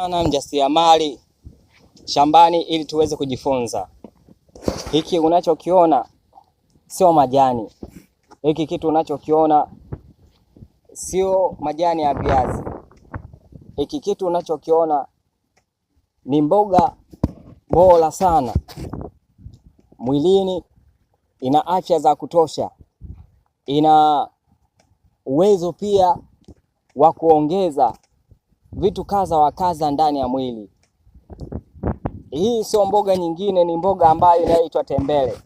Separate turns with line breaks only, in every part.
Ana mjasiriamali shambani ili tuweze kujifunza. Hiki unachokiona sio majani, hiki kitu unachokiona sio majani ya viazi, hiki kitu unachokiona ni mboga bora sana mwilini, ina afya za kutosha, ina uwezo pia wa kuongeza vitu kadha wa kadha ndani ya mwili. Hii sio mboga nyingine, ni mboga ambayo inaitwa tembele.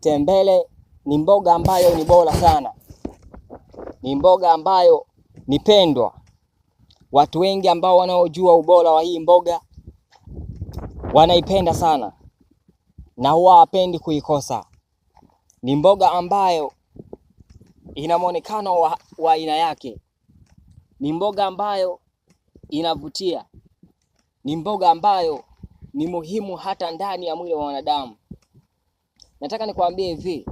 Tembele ni mboga ambayo ni bora sana, ni mboga ambayo ni pendwa. Watu wengi ambao wanaojua ubora wa hii mboga wanaipenda sana na huwa wapendi kuikosa. Ni mboga ambayo ina muonekano wa aina yake, ni mboga ambayo inavutia, ni mboga ambayo ni muhimu hata ndani ya mwili wa wanadamu. Nataka nikwambie hivi,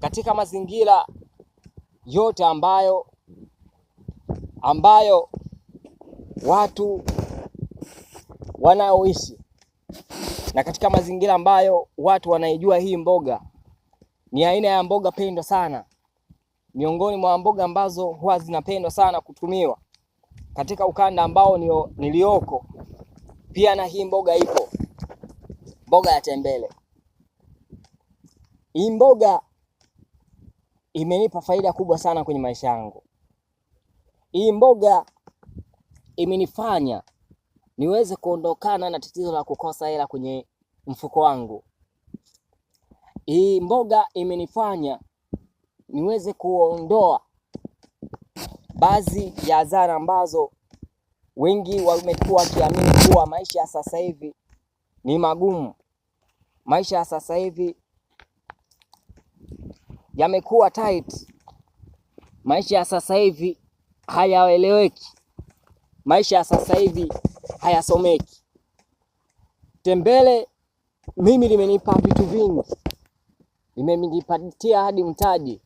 katika mazingira yote ambayo ambayo watu wanaoishi na katika mazingira ambayo watu wanaijua hii mboga, ni aina ya mboga pendwa sana, miongoni mwa mboga ambazo huwa zinapendwa sana kutumiwa katika ukanda ambao nilioko, pia na hii mboga ipo, mboga ya tembele. Hii mboga imenipa faida kubwa sana kwenye maisha yangu. Hii mboga imenifanya niweze kuondokana na tatizo la kukosa hela kwenye mfuko wangu. Hii mboga imenifanya niweze kuondoa baadhi ya adhara ambazo wengi wamekuwa wakiamini kuwa maisha ya sasa hivi ni magumu. Maisha ya sasa hivi yamekuwa tight. Maisha ya sasa hivi hayaeleweki. Maisha ya sasa hivi hayasomeki. Tembele mimi limenipa vitu vingi, limenipatia hadi mtaji.